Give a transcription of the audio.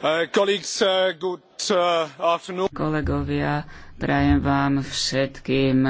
Uh, uh, uh, Kolegovia, prajem vám všetkým